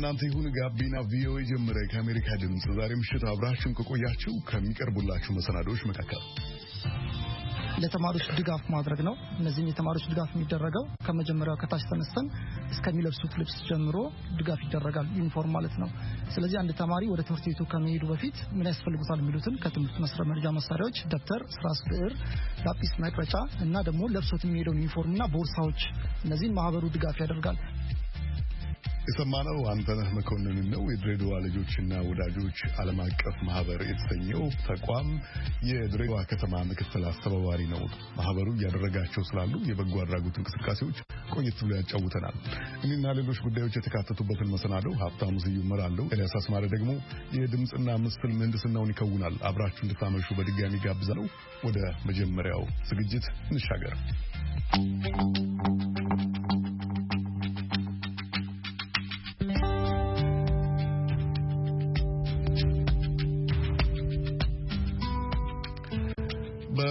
ለእናንተ ይሁን። ጋቢና ቪኦኤ ጀምረ ከአሜሪካ ድምፅ ዛሬ ምሽት አብራችሁን ከቆያችሁ ከሚቀርቡላችሁ መሰናዶዎች መካከል ለተማሪዎች ድጋፍ ማድረግ ነው። እነዚህም የተማሪዎች ድጋፍ የሚደረገው ከመጀመሪያው ከታች ተነስተን እስከሚለብሱት ልብስ ጀምሮ ድጋፍ ይደረጋል። ዩኒፎርም ማለት ነው። ስለዚህ አንድ ተማሪ ወደ ትምህርት ቤቱ ከመሄዱ በፊት ምን ያስፈልጉታል የሚሉትን ከትምህርት መስረ መረጃ መሳሪያዎች ደብተር፣ ስራስ ብዕር፣ ላጲስ፣ መቅረጫ እና ደግሞ ለብሶት የሚሄደውን ዩኒፎርምና ቦርሳዎች፣ እነዚህን ማህበሩ ድጋፍ ያደርጋል። የሰማነው አንተነህ መኮንንን ነው። የድሬዳዋ ልጆችና ወዳጆች ዓለም አቀፍ ማህበር የተሰኘው ተቋም የድሬዳዋ ከተማ ምክትል አስተባባሪ ነው። ማህበሩ እያደረጋቸው ስላሉ የበጎ አድራጎት እንቅስቃሴዎች ቆየት ብሎ ያጫውተናል። እኔና ሌሎች ጉዳዮች የተካተቱበትን መሰናዶ ሀብታሙ ስዩ እመራለሁ። ኤልያስ አስማሪ ደግሞ የድምፅና ምስል ምህንድስናውን ይከውናል። አብራችሁ እንድታመሹ በድጋሚ ጋብዛለሁ። ወደ መጀመሪያው ዝግጅት እንሻገር።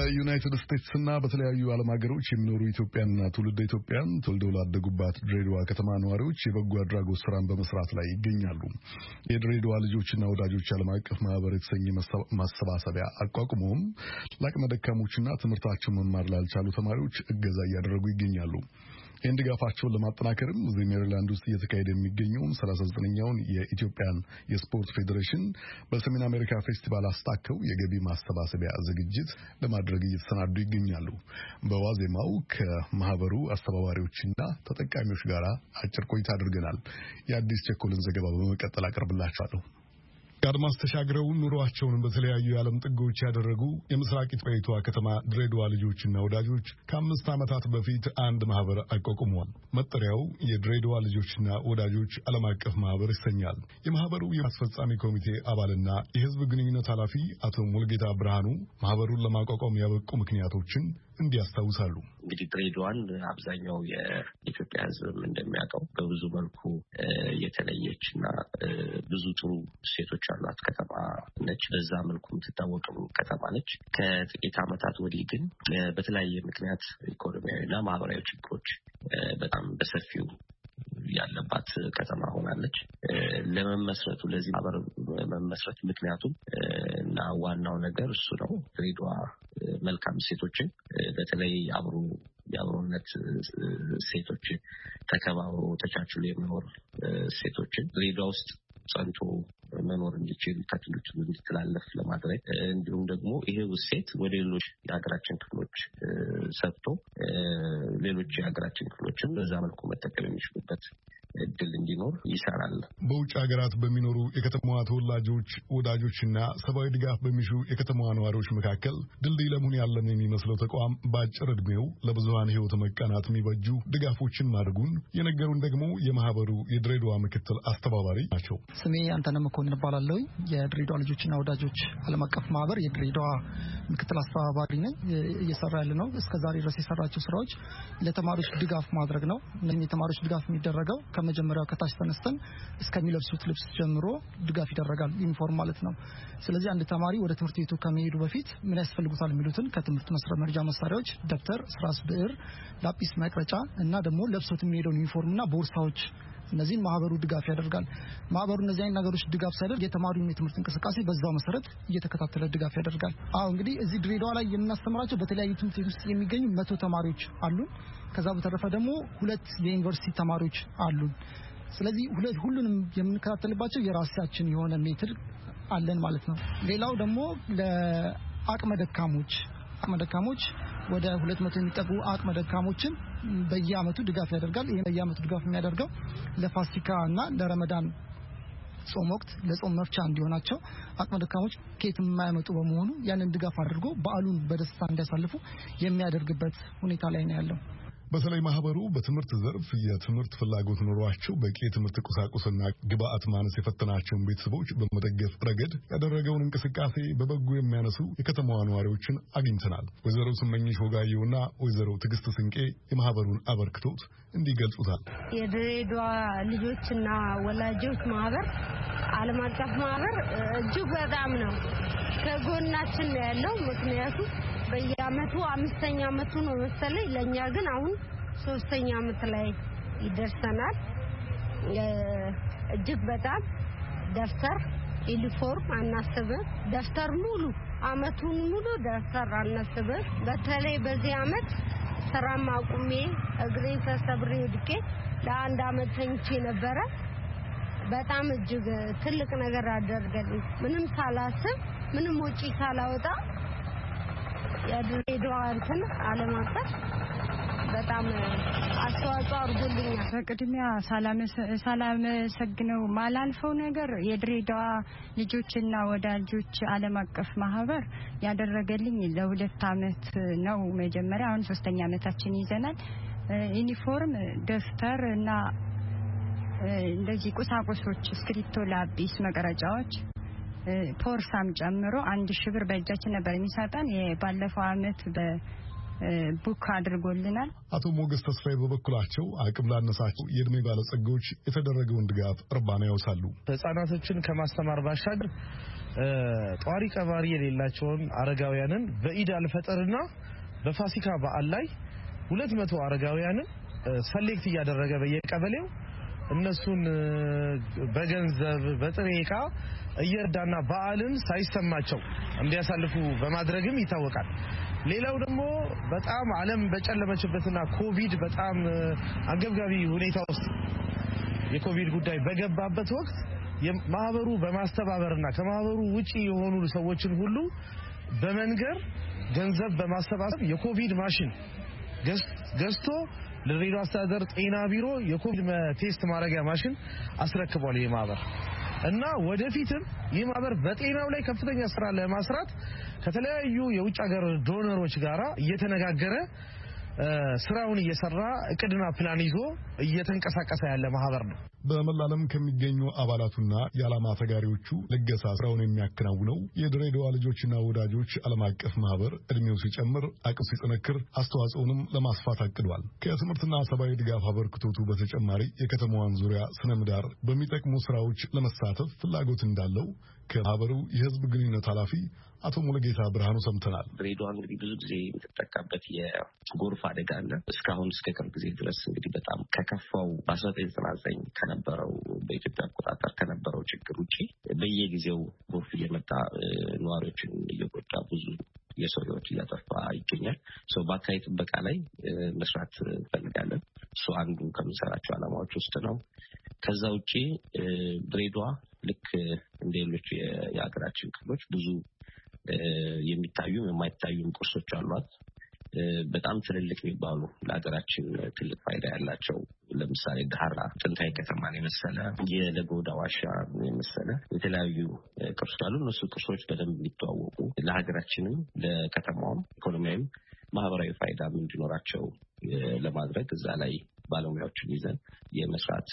በዩናይትድ ስቴትስና በተለያዩ ዓለም ሀገሮች የሚኖሩ ኢትዮጵያንና ትውልደ ኢትዮጵያን ተወልደው ላደጉባት ድሬዳዋ ከተማ ነዋሪዎች የበጎ አድራጎት ስራን በመስራት ላይ ይገኛሉ። የድሬዳዋ ልጆችና ወዳጆች ዓለም አቀፍ ማህበር የተሰኘ ማሰባሰቢያ አቋቁሞም ለአቅመ ደካሞችና ትምህርታቸው መማር ላልቻሉ ተማሪዎች እገዛ እያደረጉ ይገኛሉ። ይህን ድጋፋቸውን ለማጠናከርም እዚህ ሜሪላንድ ውስጥ እየተካሄደ የሚገኘውን 39ኛውን የኢትዮጵያን የስፖርት ፌዴሬሽን በሰሜን አሜሪካ ፌስቲቫል አስታከው የገቢ ማሰባሰቢያ ዝግጅት ለማድረግ እየተሰናዱ ይገኛሉ። በዋዜማው ከማህበሩ አስተባባሪዎችና ተጠቃሚዎች ጋር አጭር ቆይታ አድርገናል። የአዲስ ቸኮልን ዘገባ በመቀጠል አቀርብላችኋለሁ። ከአድማስ ተሻግረው ኑሯቸውን በተለያዩ የዓለም ጥጎች ያደረጉ የምስራቅ ኢትዮጵያዊቷ ከተማ ድሬዳዋ ልጆችና ወዳጆች ከአምስት ዓመታት በፊት አንድ ማህበር አቋቁመዋል። መጠሪያው የድሬዳዋ ልጆችና ወዳጆች ዓለም አቀፍ ማህበር ይሰኛል። የማህበሩ የአስፈጻሚ ኮሚቴ አባልና የህዝብ ግንኙነት ኃላፊ አቶ ሙልጌታ ብርሃኑ ማህበሩን ለማቋቋም ያበቁ ምክንያቶችን እንዲህ ያስታውሳሉ። እንግዲህ ድሬዳዋን አብዛኛው የኢትዮጵያ ሕዝብም እንደሚያውቀው በብዙ መልኩ የተለየች እና ብዙ ጥሩ ሴቶች ያሏት ከተማ ነች። በዛ መልኩ የምትታወቅም ከተማ ነች። ከጥቂት ዓመታት ወዲህ ግን በተለያየ ምክንያት ኢኮኖሚያዊና ማህበራዊ ችግሮች በጣም በሰፊው ያለባት ከተማ ሆናለች። ለመመስረቱ ለዚህ ማህበር መመስረት ምክንያቱም እና ዋናው ነገር እሱ ነው። ድሬዳዋ መልካም ሴቶችን በተለይ አብሮ የአብሮነት ሴቶች ተከባብሮ ተቻችሎ የመኖር ሴቶችን ድሬዳዋ ውስጥ ጸንቶ መኖር እንዲችል ከትውልድ እንዲተላለፍ ለማድረግ እንዲሁም ደግሞ ይሄ ውሴት ወደ ሌሎች የሀገራችን ክፍሎች ሰጥቶ ሌሎች የሀገራችን ክፍሎችም በዛ መልኩ መጠቀም የሚችሉበት እድል እንዲኖር ይሰራል። በውጭ ሀገራት በሚኖሩ የከተማዋ ተወላጆች ወዳጆችና ሰብአዊ ድጋፍ በሚሹ የከተማዋ ነዋሪዎች መካከል ድልድይ ለመሆን ያለን የሚመስለው ተቋም በአጭር እድሜው ለብዙሀን ህይወት መቀናት የሚበጁ ድጋፎችን ማድረጉን የነገሩን ደግሞ የማህበሩ የድሬዳዋ ምክትል አስተባባሪ ናቸው። ስሜ አንተነ መኮንን እባላለሁ። የድሬዳዋ ልጆችና ወዳጆች ዓለም አቀፍ ማህበር የድሬዳዋ ምክትል አስተባባሪ ነኝ። እየሰራ ያለ ነው። እስከዛሬ ድረስ የሰራቸው ስራዎች ለተማሪዎች ድጋፍ ማድረግ ነው። የተማሪዎች ድጋፍ የሚደረገው ከመጀመሪያው ከታች ተነስተን እስከሚለብሱት ልብስ ጀምሮ ድጋፍ ይደረጋል፣ ዩኒፎርም ማለት ነው። ስለዚህ አንድ ተማሪ ወደ ትምህርት ቤቱ ከመሄዱ በፊት ምን ያስፈልጉታል የሚሉትን ከትምህርት መርጃ መሳሪያዎች ደብተር፣ ስራስ ብዕር፣ ላጲስ፣ መቅረጫ እና ደግሞ ለብሶት የሚሄደውን ዩኒፎርም እና ቦርሳዎች እነዚህን ማህበሩ ድጋፍ ያደርጋል። ማህበሩ እነዚህ አይነት ነገሮች ድጋፍ ሲያደርግ የተማሪውን የትምህርት እንቅስቃሴ በዛው መሰረት እየተከታተለ ድጋፍ ያደርጋል። አሁ እንግዲህ እዚህ ድሬዳዋ ላይ የምናስተምራቸው በተለያዩ ትምህርት ቤት ውስጥ የሚገኙ መቶ ተማሪዎች አሉን። ከዛ በተረፈ ደግሞ ሁለት የዩኒቨርሲቲ ተማሪዎች አሉን። ስለዚህ ሁሉንም የምንከታተልባቸው የራሳችን የሆነ ሜትር አለን ማለት ነው። ሌላው ደግሞ ለአቅመ ደካሞች አቅመ ደካሞች ወደ ሁለት መቶ የሚጠጉ አቅመ ደካሞችን በየአመቱ ድጋፍ ያደርጋል። ይህ በየአመቱ ድጋፍ የሚያደርገው ለፋሲካ እና ለረመዳን ጾም ወቅት ለጾም መፍቻ እንዲሆናቸው አቅመ ደካሞች ኬት የማያመጡ በመሆኑ ያንን ድጋፍ አድርጎ በአሉን በደስታ እንዲያሳልፉ የሚያደርግበት ሁኔታ ላይ ነው ያለው። በተለይ ማህበሩ በትምህርት ዘርፍ የትምህርት ፍላጎት ኖሯቸው በቂ የትምህርት ቁሳቁስና ግብአት ማነስ የፈተናቸውን ቤተሰቦች በመደገፍ ረገድ ያደረገውን እንቅስቃሴ በበጎ የሚያነሱ የከተማዋ ነዋሪዎችን አግኝተናል። ወይዘሮ ስመኝሽ ወጋየውና ወይዘሮ ትዕግስት ስንቄ የማህበሩን አበርክቶት እንዲገልጹታል። የድሬዳዋ ልጆችና ወላጆች ማህበር ዓለም አቀፍ ማህበር እጅግ በጣም ነው ከጎናችን ነው ያለው። ምክንያቱም በየአመቱ አምስተኛ አመቱ ነው መሰለኝ። ለእኛ ግን አሁን ሶስተኛ አመት ላይ ይደርሰናል። እጅግ በጣም ደብተር፣ ዩኒፎርም አናስብም። ደብተር ሙሉ አመቱን ሙሉ ደብተር አናስብም። በተለይ በዚህ አመት ስራም አቁሜ እግሬ ተሰብሬ ድቄ ለአንድ አመት ተኝቼ ነበረ። በጣም እጅግ ትልቅ ነገር አደርገልኝ። ምንም ሳላስብ ምንም ወጪ ሳላወጣ የድሬዳዋ እንትን ዓለም አቀፍ በጣም አስተዋጽኦ አድርጎልኛል። በቅድሚያ ሳላመሰግነው ማላልፈው ነገር የድሬዳዋ ልጆችና ወዳጆች ዓለም አቀፍ ማህበር ያደረገልኝ ለሁለት አመት ነው። መጀመሪያ አሁን ሶስተኛ አመታችን ይዘናል። ዩኒፎርም፣ ደፍተር እና እንደዚህ ቁሳቁሶች፣ እስክሪብቶ፣ ላጲስ፣ መቀረጫዎች ፖርሳም ጨምሮ አንድ ሺህ ብር በእጃችን ነበር የሚሰጠን። የባለፈው አመት ቡክ አድርጎልናል። አቶ ሞገስ ተስፋዬ በበኩላቸው አቅም ላነሳቸው የእድሜ ባለጸጋዎች የተደረገውን ድጋፍ እርባና ያውሳሉ። ህጻናቶችን ከማስተማር ባሻገር ጧሪ ቀባሪ የሌላቸውን አረጋውያንን በኢድ አልፈጠርና በፋሲካ በዓል ላይ ሁለት መቶ አረጋውያንን ሰሌክት እያደረገ በየቀበሌው እነሱን በገንዘብ በጥሬ እቃ እየርዳና በዓልን ሳይሰማቸው እንዲያሳልፉ በማድረግም ይታወቃል። ሌላው ደግሞ በጣም ዓለም በጨለመችበትና ኮቪድ በጣም አንገብጋቢ ሁኔታ ውስጥ የኮቪድ ጉዳይ በገባበት ወቅት ማህበሩ በማስተባበርና ከማህበሩ ውጪ የሆኑ ሰዎችን ሁሉ በመንገር ገንዘብ በማሰባሰብ የኮቪድ ማሽን ገዝቶ ለድሬዳዋ አስተዳደር ጤና ቢሮ የኮቪድ ቴስት ማድረጊያ ማሽን አስረክቧል ይህ ማህበር። እና ወደፊትም ይህ ማህበር በጤናው ላይ ከፍተኛ ስራ ለማስራት ከተለያዩ የውጭ ሀገር ዶነሮች ጋራ እየተነጋገረ ስራውን እየሰራ እቅድና ፕላን ይዞ እየተንቀሳቀሰ ያለ ማህበር ነው። በመላለም ከሚገኙ አባላቱና የዓላማ ተጋሪዎቹ ልገሳ ስራውን የሚያከናውነው የድሬዳዋ ልጆችና ወዳጆች ዓለም አቀፍ ማህበር እድሜው ሲጨምር አቅም ሲጠነክር አስተዋጽኦንም ለማስፋት አቅዷል። ከትምህርትና ሰብአዊ ድጋፍ አበርክቶቱ በተጨማሪ የከተማዋን ዙሪያ ስነ ምህዳር በሚጠቅሙ ስራዎች ለመሳተፍ ፍላጎት እንዳለው ከማህበሩ የህዝብ ግንኙነት ኃላፊ አቶ ሙሉጌታ ብርሃኑ ሰምተናል። ድሬዳዋ እንግዲህ ብዙ ጊዜ የምትጠቃበት የጎርፍ አደጋ አለ። እስካሁን እስከ ቅርብ ጊዜ ድረስ እንግዲህ በጣም ከከፋው በአስራ ዘጠኝ ዘጠና ዘጠኝ ከነበረው በኢትዮጵያ አቆጣጠር ከነበረው ችግር ውጭ በየጊዜው ጎርፍ እየመጣ ነዋሪዎችን እየጎዳ ብዙ የሰው ህይወት እያጠፋ ይገኛል። ሰው በአካባቢ ጥበቃ ላይ መስራት እንፈልጋለን። እሱ አንዱ ከምንሰራቸው ዓላማዎች ውስጥ ነው። ከዛ ውጭ ድሬዷ ልክ እንደ ሌሎች የሀገራችን ክፍሎች ብዙ የሚታዩም የማይታዩም ቅርሶች አሏት። በጣም ትልልቅ የሚባሉ ለሀገራችን ትልቅ ፋይዳ ያላቸው ለምሳሌ ዳህራ ጥንታዊ ከተማን የመሰለ የለጎዳ ዋሻ የመሰለ የተለያዩ ቅርሶች አሉ። እነሱ ቅርሶች በደንብ የሚተዋወቁ ለሀገራችንም፣ ለከተማውም ኢኮኖሚያዊም ማህበራዊ ፋይዳም እንዲኖራቸው ለማድረግ እዛ ላይ ባለሙያዎችን ይዘን የመስራት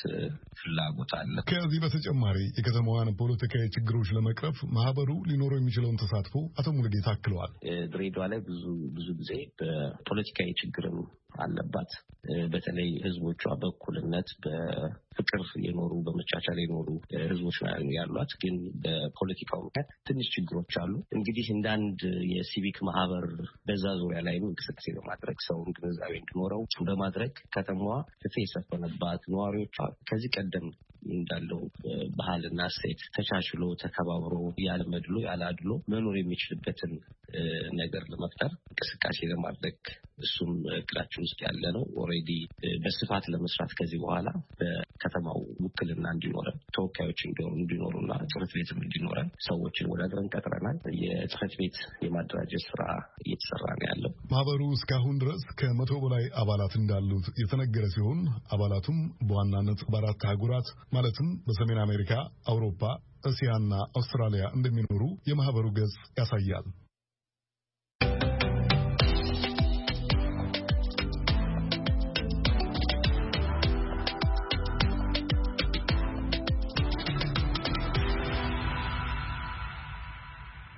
ፍላጎት አለ። ከዚህ በተጨማሪ የከተማዋን ፖለቲካዊ ችግሮች ለመቅረፍ ማህበሩ ሊኖረው የሚችለውን ተሳትፎ አቶ ሙሉጌታ አክለዋል። ድሬዳዋ ላይ ብዙ ብዙ ጊዜ በፖለቲካዊ ችግርም አለባት። በተለይ ህዝቦቿ በእኩልነት በፍቅር የኖሩ በመቻቻል የኖሩ ህዝቦች ያሏት፣ ግን በፖለቲካው ምክንያት ትንሽ ችግሮች አሉ። እንግዲህ እንደ አንድ የሲቪክ ማህበር በዛ ዙሪያ ላይም እንቅስቃሴ በማድረግ ሰውን ግንዛቤ እንዲኖረው በማድረግ ከተማዋ ፍትህ የሰፈነባት ነዋሪዎቿ ከዚህ ቀደም እንዳለው ባህልና ሴት ተቻችሎ ተከባብሮ ያለመድሎ መድሎ ያለ አድሎ መኖር የሚችልበትን ነገር ለመፍጠር እንቅስቃሴ ለማድረግ እሱም እቅዳችን ውስጥ ያለ ነው። ኦሬዲ በስፋት ለመስራት ከዚህ በኋላ በከተማው ውክልና እንዲኖረን ተወካዮች እንዲኖሩና ጽህፈት ቤትም እንዲኖረን ሰዎችን ወዳድረን ቀጥረናል። የጽህፈት ቤት የማደራጀት ስራ እየተሰራ ነው ያለው። ማህበሩ እስካሁን ድረስ ከመቶ በላይ አባላት እንዳሉት የተነገረ ሲሆን አባላቱም በዋናነት በአራት አህጉራት ማለትም በሰሜን አሜሪካ፣ አውሮፓ፣ እስያና አውስትራሊያ እንደሚኖሩ የማህበሩ ገጽ ያሳያል።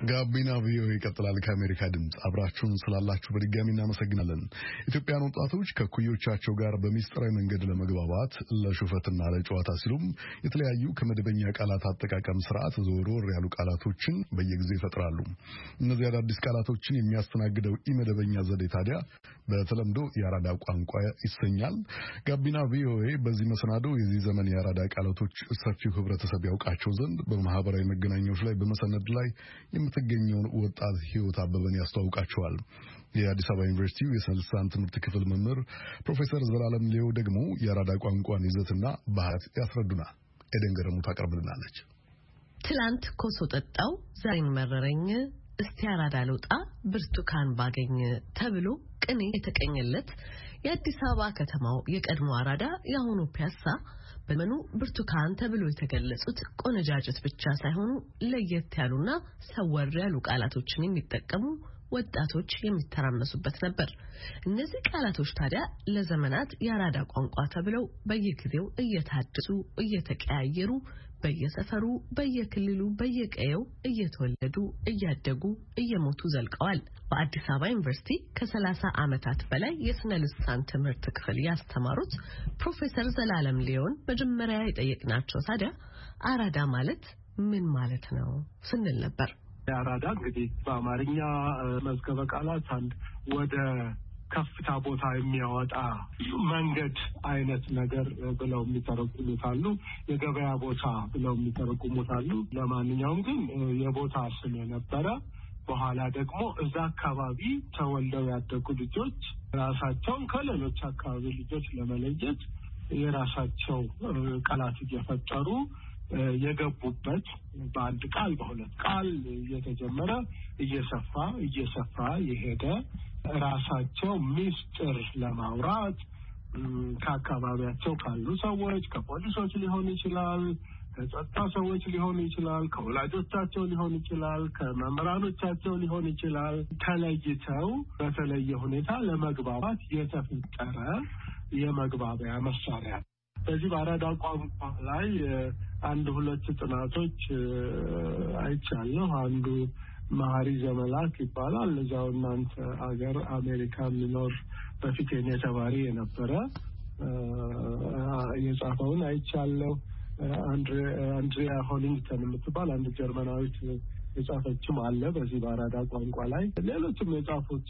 ጋቢና ቪኦኤ ይቀጥላል። ከአሜሪካ ድምፅ አብራችሁን ስላላችሁ በድጋሚ እናመሰግናለን። ኢትዮጵያን ወጣቶች ከኩዮቻቸው ጋር በሚስጥራዊ መንገድ ለመግባባት ለሹፈትና ለጨዋታ ሲሉም የተለያዩ ከመደበኛ ቃላት አጠቃቀም ስርዓት ዘወርወር ያሉ ቃላቶችን በየጊዜው ይፈጥራሉ። እነዚህ አዳዲስ ቃላቶችን የሚያስተናግደው ኢመደበኛ ዘዴ ታዲያ በተለምዶ የአራዳ ቋንቋ ይሰኛል። ጋቢና ቪኦኤ በዚህ መሰናዶ የዚህ ዘመን የአራዳ ቃላቶች ሰፊው ህብረተሰብ ያውቃቸው ዘንድ በማህበራዊ መገናኛዎች ላይ በመሰነድ ላይ የምትገኘውን ወጣት ህይወት አበበን ያስተዋውቃቸዋል። የአዲስ አበባ ዩኒቨርሲቲው የስልሳን ትምህርት ክፍል መምህር ፕሮፌሰር ዘላለም ሌው ደግሞ የአራዳ ቋንቋን ይዘትና ባህት ያስረዱናል። ኤደን ገረሙ ታቀርብልናለች። ትላንት ኮሶ ጠጣው ዛሬን መረረኝ እስቲ አራዳ ልውጣ ብርቱካን ባገኝ ተብሎ ቅኔ የተቀኘለት የአዲስ አበባ ከተማው የቀድሞ አራዳ የአሁኑ ፒያሳ በዘመኑ ብርቱካን ተብሎ የተገለጹት ቆነጃጀት ብቻ ሳይሆኑ ለየት ያሉና ሰወር ያሉ ቃላቶችን የሚጠቀሙ ወጣቶች የሚተራመሱበት ነበር። እነዚህ ቃላቶች ታዲያ ለዘመናት የአራዳ ቋንቋ ተብለው በየጊዜው እየታደሱ እየተቀያየሩ በየሰፈሩ፣ በየክልሉ፣ በየቀየው እየተወለዱ እያደጉ እየሞቱ ዘልቀዋል። በአዲስ አበባ ዩኒቨርሲቲ ከሰላሳ ዓመታት በላይ የስነ ልሳን ትምህርት ክፍል ያስተማሩት ፕሮፌሰር ዘላለም ሊዮን መጀመሪያ የጠየቅናቸው ታዲያ አራዳ ማለት ምን ማለት ነው ስንል ነበር። አራዳ እንግዲህ በአማርኛ መዝገበ ቃላት አንድ ወደ ከፍታ ቦታ የሚያወጣ መንገድ አይነት ነገር ብለው የሚተረጉሙት አሉ። የገበያ ቦታ ብለው የሚተረጉሙት አሉ። ለማንኛውም ግን የቦታ ስም የነበረ በኋላ ደግሞ እዛ አካባቢ ተወልደው ያደጉ ልጆች ራሳቸውን ከሌሎች አካባቢ ልጆች ለመለየት የራሳቸው ቃላት እየፈጠሩ የገቡበት በአንድ ቃል በሁለት ቃል እየተጀመረ እየሰፋ እየሰፋ የሄደ ራሳቸው ሚስጥር ለማውራት ከአካባቢያቸው ካሉ ሰዎች ከፖሊሶች ሊሆን ይችላል፣ ከጸጥታ ሰዎች ሊሆን ይችላል፣ ከወላጆቻቸው ሊሆን ይችላል፣ ከመምህራኖቻቸው ሊሆን ይችላል። ተለይተው በተለየ ሁኔታ ለመግባባት የተፈጠረ የመግባቢያ መሳሪያ በዚህ በአራዳ ቋንቋ ላይ አንድ ሁለት ጥናቶች አይቻለሁ። አንዱ መሀሪ ዘመላክ ይባላል። እዛው እናንተ ሀገር አሜሪካ የሚኖር በፊት የኔ ተማሪ የነበረ የጻፈውን አይቻለሁ። አንድሪያ ሆሊንግተን የምትባል አንድ ጀርመናዊት የጻፈችም አለ በዚህ በአራዳ ቋንቋ ላይ ሌሎችም የጻፉት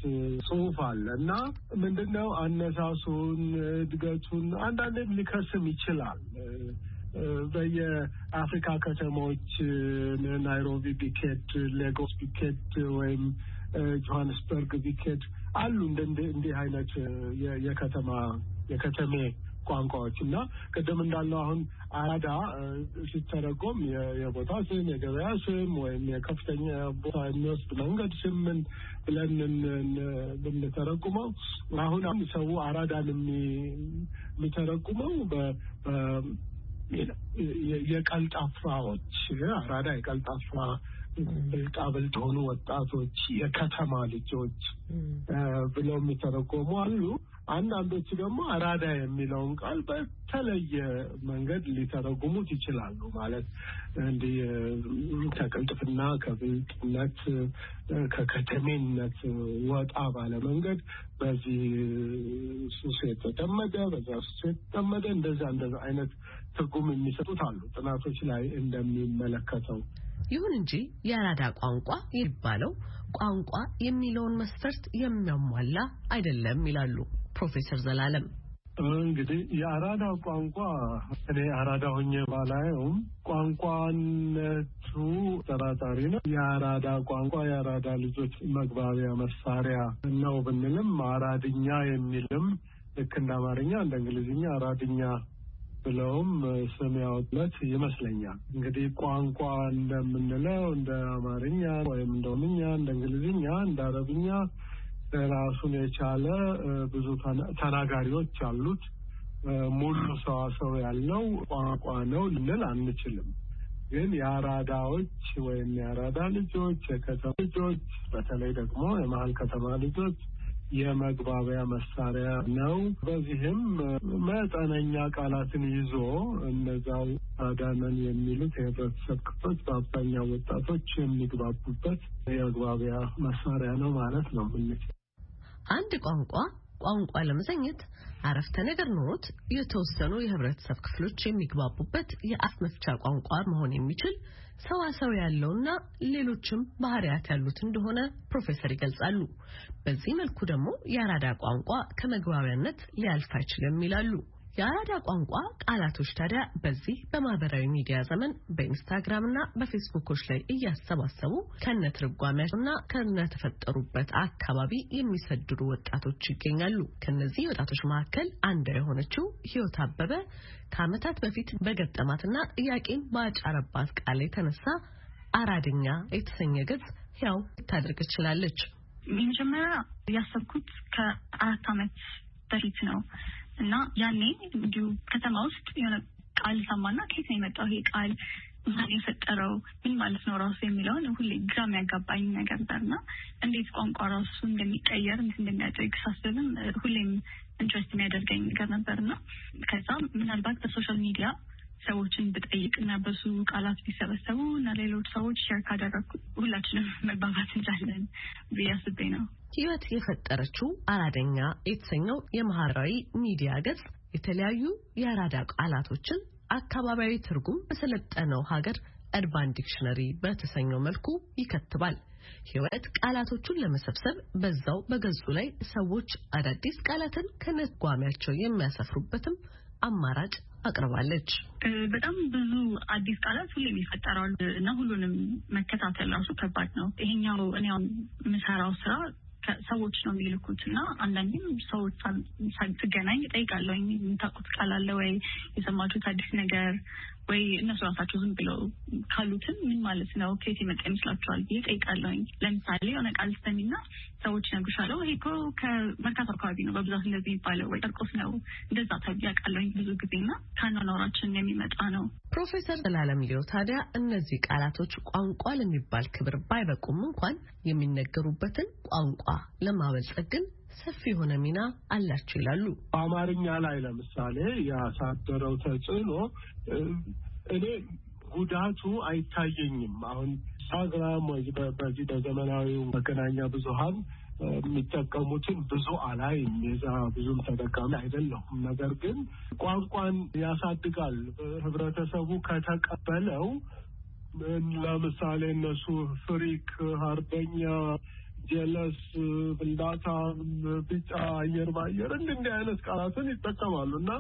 ጽሁፍ አለ እና ምንድነው አነሳሱን እድገቱን አንዳንድም ሊከስም ይችላል። በየአፍሪካ ከተሞች ናይሮቢ ቢኬድ፣ ሌጎስ ቢኬድ ወይም ጆሃንስበርግ ቢኬድ አሉ እንደ እንዲህ አይነት የከተማ የከተሜ ቋንቋዎች እና ቅድም እንዳለው አሁን አራዳ ሲተረጎም የቦታ ስም፣ የገበያ ስም ወይም የከፍተኛ ቦታ የሚወስድ መንገድ ስም ብለን ብንተረጉመው አሁን ሰው አራዳን የሚተረጉመው የቀልጣፋዎች አራዳ የቀልጣፋ ብልጣ ብልጥ ሆኑ ወጣቶች፣ የከተማ ልጆች ብለው የሚተረጎሙ አሉ። አንዳንዶቹ ደግሞ አራዳ የሚለውን ቃል በተለየ መንገድ ሊተረጉሙት ይችላሉ። ማለት እንዲህ ከቅልጥፍና፣ ከብልጥነት፣ ከከተሜነት ወጣ ባለ መንገድ በዚህ ሱስ የተጠመደ በዛ ሱስ የተጠመደ እንደዛ እንደዛ አይነት ትርጉም የሚሰጡት አሉ ጥናቶች ላይ እንደሚመለከተው። ይሁን እንጂ የአራዳ ቋንቋ የሚባለው ቋንቋ የሚለውን መስፈርት የሚያሟላ አይደለም ይላሉ። ፕሮፌሰር ዘላለም እንግዲህ የአራዳ ቋንቋ እኔ አራዳ ሆኜ ባላየውም ቋንቋነቱ ጠራጣሪ ነው። የአራዳ ቋንቋ የአራዳ ልጆች መግባቢያ መሳሪያ ነው ብንልም አራድኛ የሚልም ልክ እንደ አማርኛ እንደ እንግሊዝኛ አራድኛ ብለውም ስም ያወጡለት ይመስለኛል። እንግዲህ ቋንቋ እንደምንለው እንደ አማርኛ ወይም እንደምኛ እንደ እንግሊዝኛ እንደ አረብኛ ራሱን የቻለ ብዙ ተናጋሪዎች አሉት። ሙሉ ሰዋሰው ያለው ቋንቋ ነው ልንል አንችልም። ግን የአራዳዎች ወይም የአራዳ ልጆች፣ የከተማ ልጆች፣ በተለይ ደግሞ የመሀል ከተማ ልጆች የመግባቢያ መሳሪያ ነው። በዚህም መጠነኛ ቃላትን ይዞ እነዛው አዳነን የሚሉት የህብረተሰብ ክፍሎች በአብዛኛው ወጣቶች የሚግባቡበት የመግባቢያ መሳሪያ ነው ማለት ነው። አንድ ቋንቋ ቋንቋ ለመዘኘት አረፍተ ነገር ኖሮት የተወሰኑ የህብረተሰብ ክፍሎች የሚግባቡበት የአፍ መፍቻ ቋንቋ መሆን የሚችል ሰዋሰው ያለውና ሌሎችም ባህሪያት ያሉት እንደሆነ ፕሮፌሰር ይገልጻሉ። በዚህ መልኩ ደግሞ የአራዳ ቋንቋ ከመግባቢያነት ሊያልፍ አይችልም ይላሉ። የአራዳ ቋንቋ ቃላቶች ታዲያ በዚህ በማህበራዊ ሚዲያ ዘመን በኢንስታግራም እና በፌስቡኮች ላይ እያሰባሰቡ ከነ ከነ ከነተፈጠሩበት አካባቢ የሚሰድሩ ወጣቶች ይገኛሉ። ከነዚህ ወጣቶች መካከል አንዷ የሆነችው ህይወት አበበ ከዓመታት በፊት በገጠማትና ጥያቄን ባጫረባት ቃል የተነሳ አራድኛ የተሰኘ ገጽ ያው ልታደርግ ትችላለች። የመጀመሪያ ያሰብኩት ከአራት ዓመት በፊት ነው እና ያኔ እንዲሁ ከተማ ውስጥ የሆነ ቃል ሰማና ከየት ነው የመጣው ይሄ ቃል ማን የፈጠረው ምን ማለት ነው ራሱ የሚለውን ሁሌ ግራ የሚያጋባኝ ነገር ነበርና እንዴት ቋንቋ ራሱ እንደሚቀየር እንት እንደሚያደርግ ሳስብም ሁሌም ኢንትረስት የሚያደርገኝ ነገር ነበርና ከዛ ምናልባት በሶሻል ሚዲያ ሰዎችን ብጠይቅ ብጠይቅና በሱ ቃላት ቢሰበሰቡ እና ሌሎች ሰዎች ሸር ካደረግኩ ሁላችንም መግባባት እንችላለን ብዬ አስቤ ነው። ህይወት የፈጠረችው አራደኛ የተሰኘው የማህበራዊ ሚዲያ ገጽ የተለያዩ የአራዳ ቃላቶችን አካባቢያዊ ትርጉም በሰለጠነው ሀገር እርባን ዲክሽነሪ በተሰኘው መልኩ ይከትባል። ህይወት ቃላቶቹን ለመሰብሰብ በዛው በገጹ ላይ ሰዎች አዳዲስ ቃላትን ከነጓሚያቸው የሚያሰፍሩበትም አማራጭ አቅርባለች። በጣም ብዙ አዲስ ቃላት ሁሌም ይፈጠራሉ እና ሁሉንም መከታተል ራሱ ከባድ ነው። ይሄኛው እኔ የምሰራው ስራ ሰዎች ነው የሚልኩት እና አንዳንዴም ሰዎች ስገናኝ እጠይቃለሁ የምታውቁት ቃል አለ ወይ የሰማችሁት አዲስ ነገር ወይ እነሱ ራሳቸው ዝም ብለው ካሉትም ምን ማለት ነው ከየት የመጣ ይመስላችኋል ብዬ ጠይቃለሁኝ። ለምሳሌ የሆነ ቃል ስተሚና ሰዎች ይነግሩሻል፣ ይሄ እኮ ከመርካቶ አካባቢ ነው በብዛት እንደዚህ የሚባለው ወይ ጠርቆስ ነው እንደዛ ተብ አውቃለሁኝ ብዙ ጊዜና ከአኗኗራችን የሚመጣ ነው። ፕሮፌሰር ዘላለም ሊዮ ታዲያ እነዚህ ቃላቶች ቋንቋ ለሚባል ክብር ባይበቁም እንኳን የሚነገሩበትን ቋንቋ ለማበልጸግ ግን ሰፊ የሆነ ሚና አላቸው ይላሉ። አማርኛ ላይ ለምሳሌ ያሳደረው ተጽዕኖ እኔ ጉዳቱ አይታየኝም። አሁን ኢንስታግራም ወይ በዚህ በዘመናዊው መገናኛ ብዙሀን የሚጠቀሙትን ብዙ አላይም። የዛ ብዙም ተጠቃሚ አይደለሁም። ነገር ግን ቋንቋን ያሳድጋል ህብረተሰቡ ከተቀበለው። ለምሳሌ እነሱ ፍሪክ፣ አርበኛ ጀለስ፣ ፍንዳታ፣ ቢጫ፣ አየር በአየር እንዲህ እንዲህ አይነት ቃላትን ይጠቀማሉ እና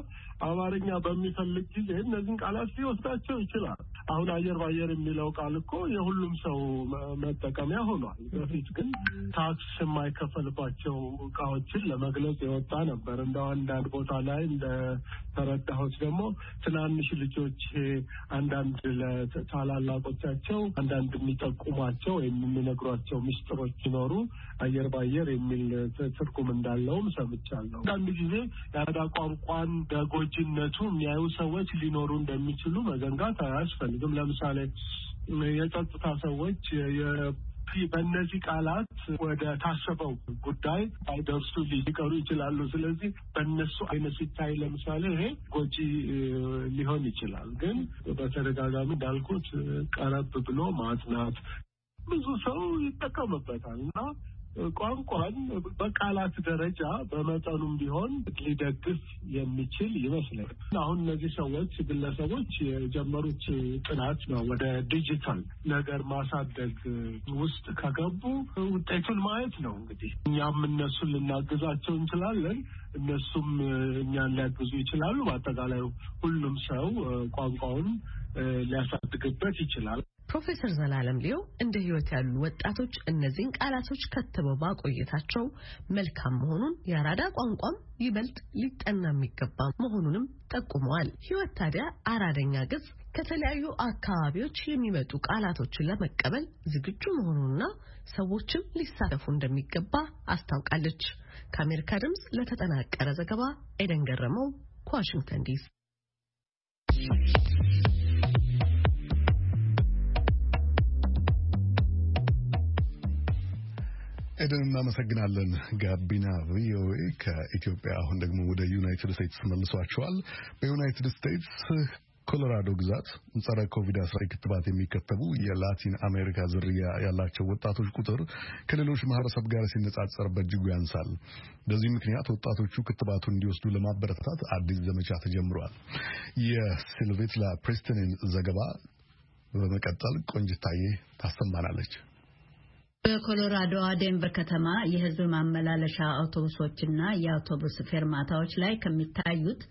አማርኛ በሚፈልግ ጊዜ እነዚህን ቃላት ሊወስዳቸው ይችላል። አሁን አየር በአየር የሚለው ቃል እኮ የሁሉም ሰው መጠቀሚያ ሆኗል። በፊት ግን ታክስ የማይከፈልባቸው እቃዎችን ለመግለጽ የወጣ ነበር። እንደ አንዳንድ ቦታ ላይ እንደ ተረዳሁት ደግሞ ትናንሽ ልጆች አንዳንድ ለታላላቆቻቸው አንዳንድ የሚጠቁሟቸው ወይም የሚነግሯቸው ምስጢሮች ይኖሩ አየር ባየር የሚል ትርጉም እንዳለውም ሰምቻለሁ። አንዳንድ ጊዜ የአዳ ቋንቋን በጎጅነቱ የሚያዩ ሰዎች ሊኖሩ እንደሚችሉ መገንጋት አያስፈልግም። ለምሳሌ የጸጥታ ሰዎች በእነዚህ ቃላት ወደ ታሰበው ጉዳይ አይደርሱ ሊቀሩ ይችላሉ። ስለዚህ በእነሱ አይነት ሲታይ ለምሳሌ ይሄ ጎጂ ሊሆን ይችላል። ግን በተደጋጋሚ እንዳልኩት ቀረብ ብሎ ማጥናት ብዙ ሰው ይጠቀምበታል እና ቋንቋን በቃላት ደረጃ በመጠኑም ቢሆን ሊደግፍ የሚችል ይመስላል። አሁን እነዚህ ሰዎች ግለሰቦች የጀመሩት ጥናት ነው። ወደ ዲጂታል ነገር ማሳደግ ውስጥ ከገቡ ውጤቱን ማየት ነው። እንግዲህ እኛም እነሱን ልናግዛቸው እንችላለን፣ እነሱም እኛን ሊያግዙ ይችላሉ። በአጠቃላይ ሁሉም ሰው ቋንቋውን ሊያሳድግበት ይችላል። ፕሮፌሰር ዘላለም ሊዮ እንደ ህይወት ያሉ ወጣቶች እነዚህን ቃላቶች ከትበው ማቆየታቸው መልካም መሆኑን የአራዳ ቋንቋም ይበልጥ ሊጠና የሚገባ መሆኑንም ጠቁመዋል። ህይወት ታዲያ አራደኛ ገጽ ከተለያዩ አካባቢዎች የሚመጡ ቃላቶችን ለመቀበል ዝግጁ መሆኑንና ሰዎችም ሊሳተፉ እንደሚገባ አስታውቃለች። ከአሜሪካ ድምፅ ለተጠናቀረ ዘገባ ኤደን ገረመው ከዋሽንግተን ዲሲ ኤደን እናመሰግናለን። ጋቢና ቪኦኤ ከኢትዮጵያ አሁን ደግሞ ወደ ዩናይትድ ስቴትስ መልሷቸዋል። በዩናይትድ ስቴትስ ኮሎራዶ ግዛት ጸረ ኮቪድ-19 ክትባት የሚከተቡ የላቲን አሜሪካ ዝርያ ያላቸው ወጣቶች ቁጥር ከሌሎች ማህበረሰብ ጋር ሲነጻጸር በእጅጉ ያንሳል። በዚህ ምክንያት ወጣቶቹ ክትባቱን እንዲወስዱ ለማበረታታት አዲስ ዘመቻ ተጀምሯል። የሲልቬትላ ፕሪስትንን ዘገባ በመቀጠል ቆንጅታዬ ታሰማናለች። በኮሎራዶዋ ዴንቨር ከተማ የህዝብ ማመላለሻ አውቶቡሶችና የአውቶቡስ ፌርማታዎች ላይ ከሚታዩት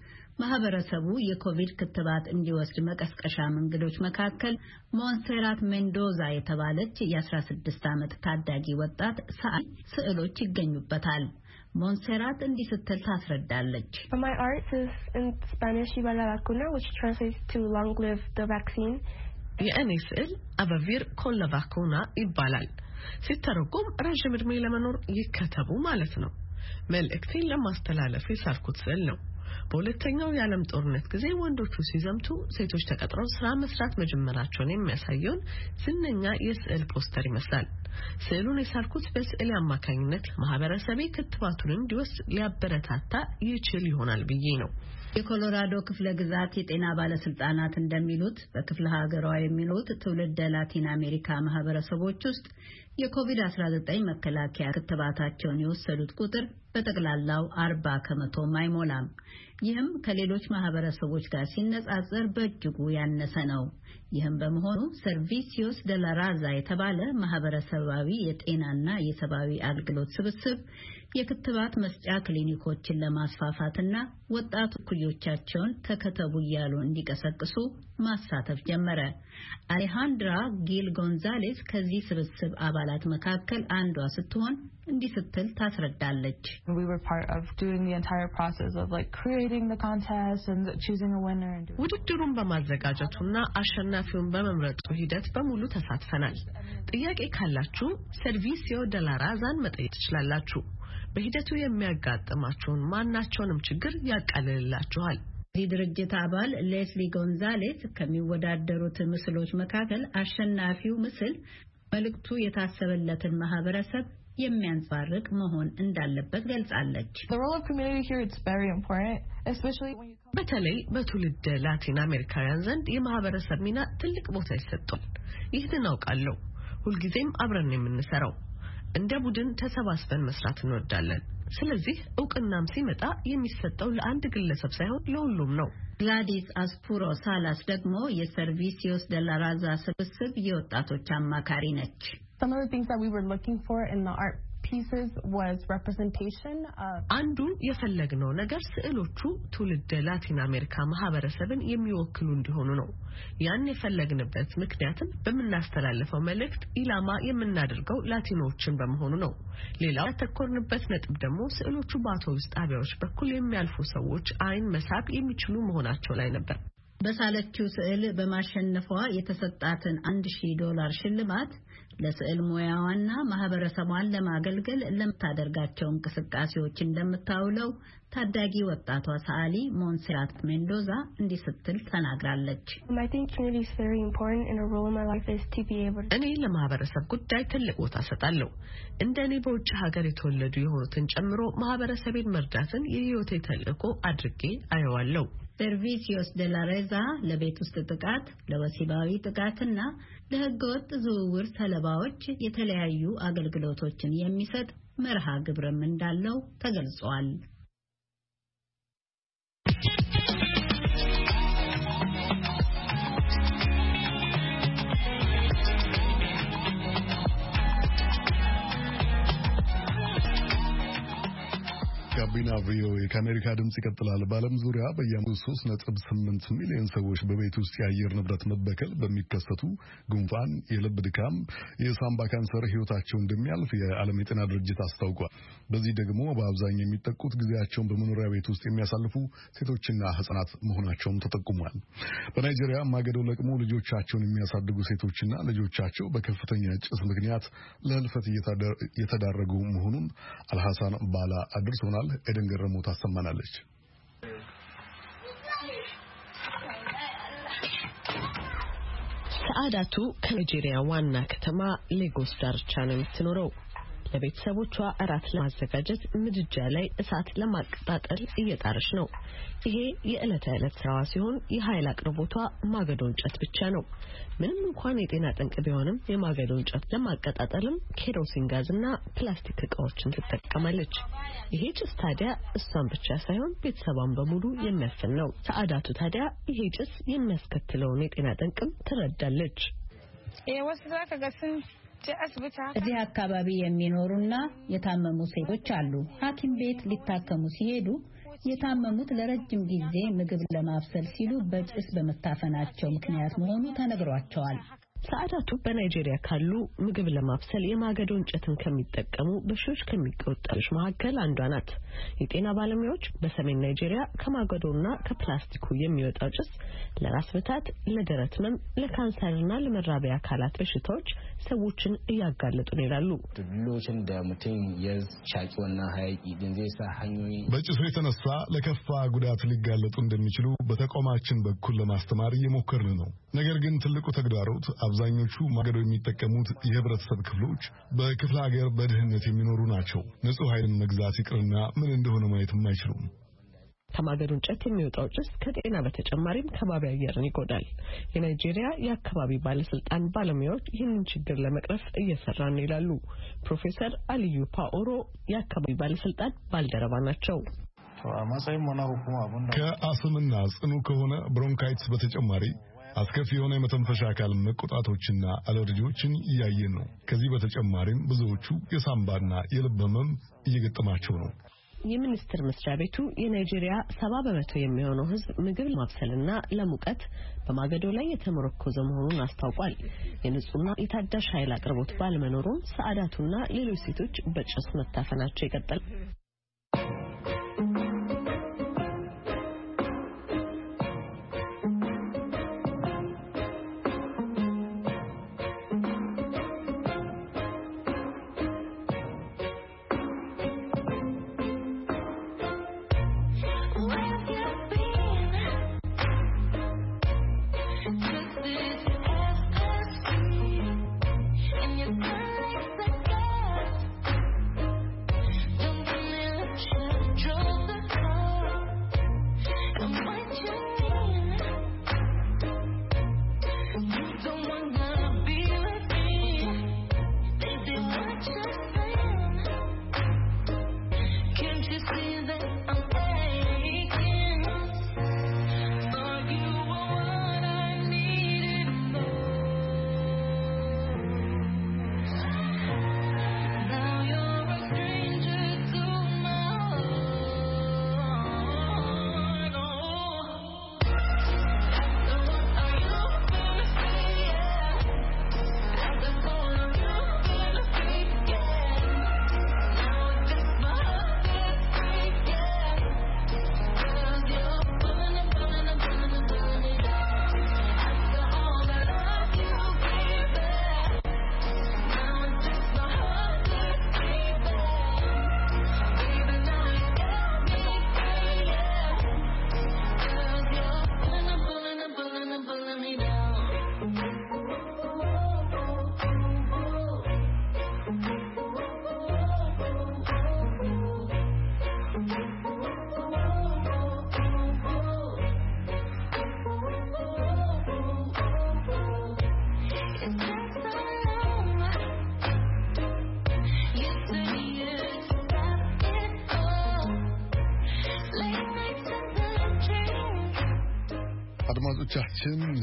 ማህበረሰቡ የኮቪድ ክትባት እንዲወስድ መቀስቀሻ መንገዶች መካከል ሞንሴራት ሜንዶዛ የተባለች የ16 ዓመት ታዳጊ ወጣት ሰዓሊ ስዕሎች ይገኙበታል። ሞንሴራት እንዲህ ስትል ታስረዳለች። የእኔ ስዕል አበቪር ኮን ይባላል። ሲተረጎም ረዥም እድሜ ለመኖር ይከተቡ ማለት ነው። መልእክቴን ለማስተላለፍ የሳልኩት ስዕል ነው። በሁለተኛው የዓለም ጦርነት ጊዜ ወንዶቹ ሲዘምቱ ሴቶች ተቀጥረው ስራ መስራት መጀመራቸውን የሚያሳየውን ዝነኛ የስዕል ፖስተር ይመስላል። ስዕሉን የሳልኩት በስዕል አማካኝነት ማህበረሰቤ ክትባቱን እንዲወስድ ሊያበረታታ ይችል ይሆናል ብዬ ነው። የኮሎራዶ ክፍለ ግዛት የጤና ባለስልጣናት እንደሚሉት በክፍለ ሀገሯ የሚሉት ትውልደ ላቲን አሜሪካ ማህበረሰቦች ውስጥ የኮቪድ-19 መከላከያ ክትባታቸውን የወሰዱት ቁጥር በጠቅላላው 40 ከመቶም አይሞላም። ይህም ከሌሎች ማህበረሰቦች ጋር ሲነጻጸር በእጅጉ ያነሰ ነው። ይህም በመሆኑ ሰርቪሲዮስ ደላራዛ የተባለ ማህበረሰባዊ የጤናና የሰብአዊ አገልግሎት ስብስብ የክትባት መስጫ ክሊኒኮችን ለማስፋፋትና ወጣት ኩዮቻቸውን ተከተቡ እያሉ እንዲቀሰቅሱ ማሳተፍ ጀመረ። አሌሃንድራ ጊል ጎንዛሌስ ከዚህ ስብስብ አባላት መካከል አንዷ ስትሆን እንዲህ ስትል ታስረዳለች። ውድድሩን በማዘጋጀቱና አሸ አሸናፊውን በመምረጡ ሂደት በሙሉ ተሳትፈናል። ጥያቄ ካላችሁ ሰርቪሲዮ ደላራዛን መጠየቅ ትችላላችሁ። በሂደቱ የሚያጋጥማችሁን ማናቸውንም ችግር ያቃልልላችኋል። የዚህ ድርጅት አባል ሌስሊ ጎንዛሌስ ከሚወዳደሩት ምስሎች መካከል አሸናፊው ምስል መልእክቱ የታሰበለትን ማህበረሰብ የሚያንጸባርቅ መሆን እንዳለበት ገልጻለች። በተለይ በትውልድ ላቲን አሜሪካውያን ዘንድ የማህበረሰብ ሚና ትልቅ ቦታ ይሰጧል። ይህን እናውቃለሁ። ሁልጊዜም አብረን ነው የምንሰራው። እንደ ቡድን ተሰባስበን መስራት እንወዳለን። ስለዚህ እውቅናም ሲመጣ የሚሰጠው ለአንድ ግለሰብ ሳይሆን ለሁሉም ነው። ግላዲስ አስፑሮ ሳላስ ደግሞ የሰርቪሲዮስ ደላራዛ ስብስብ የወጣቶች አማካሪ ነች። Some of the things that we were looking for in the art አንዱ የፈለግነው ነገር ስዕሎቹ ትውልድ ላቲን አሜሪካ ማህበረሰብን የሚወክሉ እንዲሆኑ ነው። ያን የፈለግንበት ምክንያትም በምናስተላልፈው መልእክት ኢላማ የምናደርገው ላቲኖችን በመሆኑ ነው። ሌላው ያተኮርንበት ነጥብ ደግሞ ስዕሎቹ በአውቶቡስ ጣቢያዎች በኩል የሚያልፉ ሰዎች አይን መሳብ የሚችሉ መሆናቸው ላይ ነበር። በሳለችው ስዕል በማሸነፏ የተሰጣትን አንድ ሺህ ዶላር ሽልማት ለስዕል ሙያዋና ማህበረሰቧን ለማገልገል ለምታደርጋቸው እንቅስቃሴዎች እንደምታውለው ታዳጊ ወጣቷ ሰዓሊ ሞንሴራት ሜንዶዛ እንዲህ ስትል ተናግራለች። um, እኔ ለማህበረሰብ ጉዳይ ትልቅ ቦታ ሰጣለሁ። እንደ እኔ በውጭ ሀገር የተወለዱ የሆኑትን ጨምሮ ማህበረሰቤን መርዳትን የህይወቴ ተልእኮ አድርጌ አየዋለሁ። ሰርቪሲዮስ ደላሬዛ ለቤት ውስጥ ጥቃት፣ ለወሲባዊ ጥቃትና ለህገወጥ ዝውውር ሰለባዎች የተለያዩ አገልግሎቶችን የሚሰጥ መርሃ ግብርም እንዳለው ተገልጿል። ጋቢና ቪኦኤ ከአሜሪካ ድምፅ ይቀጥላል። በዓለም ዙሪያ በየዓመቱ 3.8 ሚሊዮን ሰዎች በቤት ውስጥ የአየር ንብረት መበከል በሚከሰቱ ጉንፋን፣ የልብ ድካም፣ የሳምባ ካንሰር ህይወታቸው እንደሚያልፍ የዓለም የጤና ድርጅት አስታውቋል። በዚህ ደግሞ በአብዛኛው የሚጠቁት ጊዜያቸውን በመኖሪያ ቤት ውስጥ የሚያሳልፉ ሴቶችና ህጻናት መሆናቸውም ተጠቁሟል። በናይጄሪያ ማገዶ ለቅሞ ልጆቻቸውን የሚያሳድጉ ሴቶችና ልጆቻቸው በከፍተኛ ጭስ ምክንያት ለህልፈት እየተዳረጉ መሆኑን አልሐሳን ባላ አድርሶናል። ኤደን ገረሙ ታሰማናለች። ሰዓዳቱ ከናይጄሪያ ዋና ከተማ ሌጎስ ዳርቻ ነው የምትኖረው። ለቤተሰቦቿ እራት ለማዘጋጀት ምድጃ ላይ እሳት ለማቀጣጠል እየጣረች ነው። ይሄ የዕለት ተዕለት ስራዋ ሲሆን የኃይል አቅርቦቷ ማገዶ እንጨት ብቻ ነው። ምንም እንኳን የጤና ጠንቅ ቢሆንም የማገዶ እንጨት ለማቀጣጠልም ኬሮሲን ጋዝ እና ፕላስቲክ እቃዎችን ትጠቀማለች። ይሄ ጭስ ታዲያ እሷን ብቻ ሳይሆን ቤተሰቧን በሙሉ የሚያፍን ነው። ሰአዳቱ ታዲያ ይሄ ጭስ የሚያስከትለውን የጤና ጠንቅም ትረዳለች። እዚህ አካባቢ የሚኖሩና የታመሙ ሴቶች አሉ። ሐኪም ቤት ሊታከሙ ሲሄዱ የታመሙት ለረጅም ጊዜ ምግብ ለማብሰል ሲሉ በጭስ በመታፈናቸው ምክንያት መሆኑ ተነግሯቸዋል። ሰዓዳቱ በናይጄሪያ ካሉ ምግብ ለማብሰል የማገዶ እንጨትን ከሚጠቀሙ በሺዎች ከሚቆጠሩች መካከል አንዷ ናት። የጤና ባለሙያዎች በሰሜን ናይጄሪያ ከማገዶና ከፕላስቲኩ የሚወጣው ጭስ ለራስ ምታት፣ ለደረት ህመም፣ ለካንሰርና ለመራቢያ አካላት በሽታዎች ሰዎችን እያጋለጡ ነው ይላሉ። በጭሱ የተነሳ ለከፋ ጉዳት ሊጋለጡ እንደሚችሉ በተቋማችን በኩል ለማስተማር እየሞከርን ነው። ነገር ግን ትልቁ ተግዳሮት አብዛኞቹ ማገዶ የሚጠቀሙት የህብረተሰብ ክፍሎች በክፍለ ሀገር በድህነት የሚኖሩ ናቸው። ንጹህ ኃይልን መግዛት ይቅርና ምን እንደሆነ ማየትም አይችሉም። ከማገዶ እንጨት የሚወጣው ጭስ ከጤና በተጨማሪም ከባቢ አየርን ይጎዳል። የናይጄሪያ የአካባቢ ባለስልጣን ባለሙያዎች ይህንን ችግር ለመቅረፍ እየሰራ ነው ይላሉ። ፕሮፌሰር አልዩ ፓኦሮ የአካባቢ ባለስልጣን ባልደረባ ናቸው። ከአስምና ጽኑ ከሆነ ብሮንካይትስ በተጨማሪ አስከፊ የሆነ የመተንፈሻ አካል መቆጣቶችና አለርጂዎችን እያየን ነው። ከዚህ በተጨማሪም ብዙዎቹ የሳምባና የልብ ህመም እየገጠማቸው ነው። የሚኒስቴር መስሪያ ቤቱ የናይጄሪያ ሰባ በመቶ የሚሆነው ህዝብ ምግብ ማብሰልና ለሙቀት በማገዶ ላይ የተመረኮዘ መሆኑን አስታውቋል። የንጹህና የታዳሽ ኃይል አቅርቦት ባለመኖሩም ሰዓዳቱና ሌሎች ሴቶች በጭስ መታፈናቸው ይቀጥላል።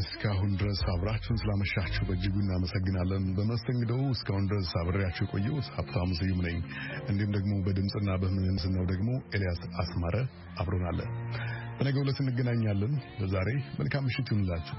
እስካሁን ድረስ አብራችሁን ስላመሻችሁ በእጅጉ እናመሰግናለን። በመስተንግደው እስካሁን ድረስ አብሬያችሁ የቆየሁት ሀብታሙ ስዩም ነኝ። እንዲሁም ደግሞ በድምፅና በምህንድስናው ደግሞ ኤልያስ አስማረ አብሮናለን። በነገው ዕለት እንገናኛለን። በዛሬ መልካም ምሽት ይሁንላችሁ።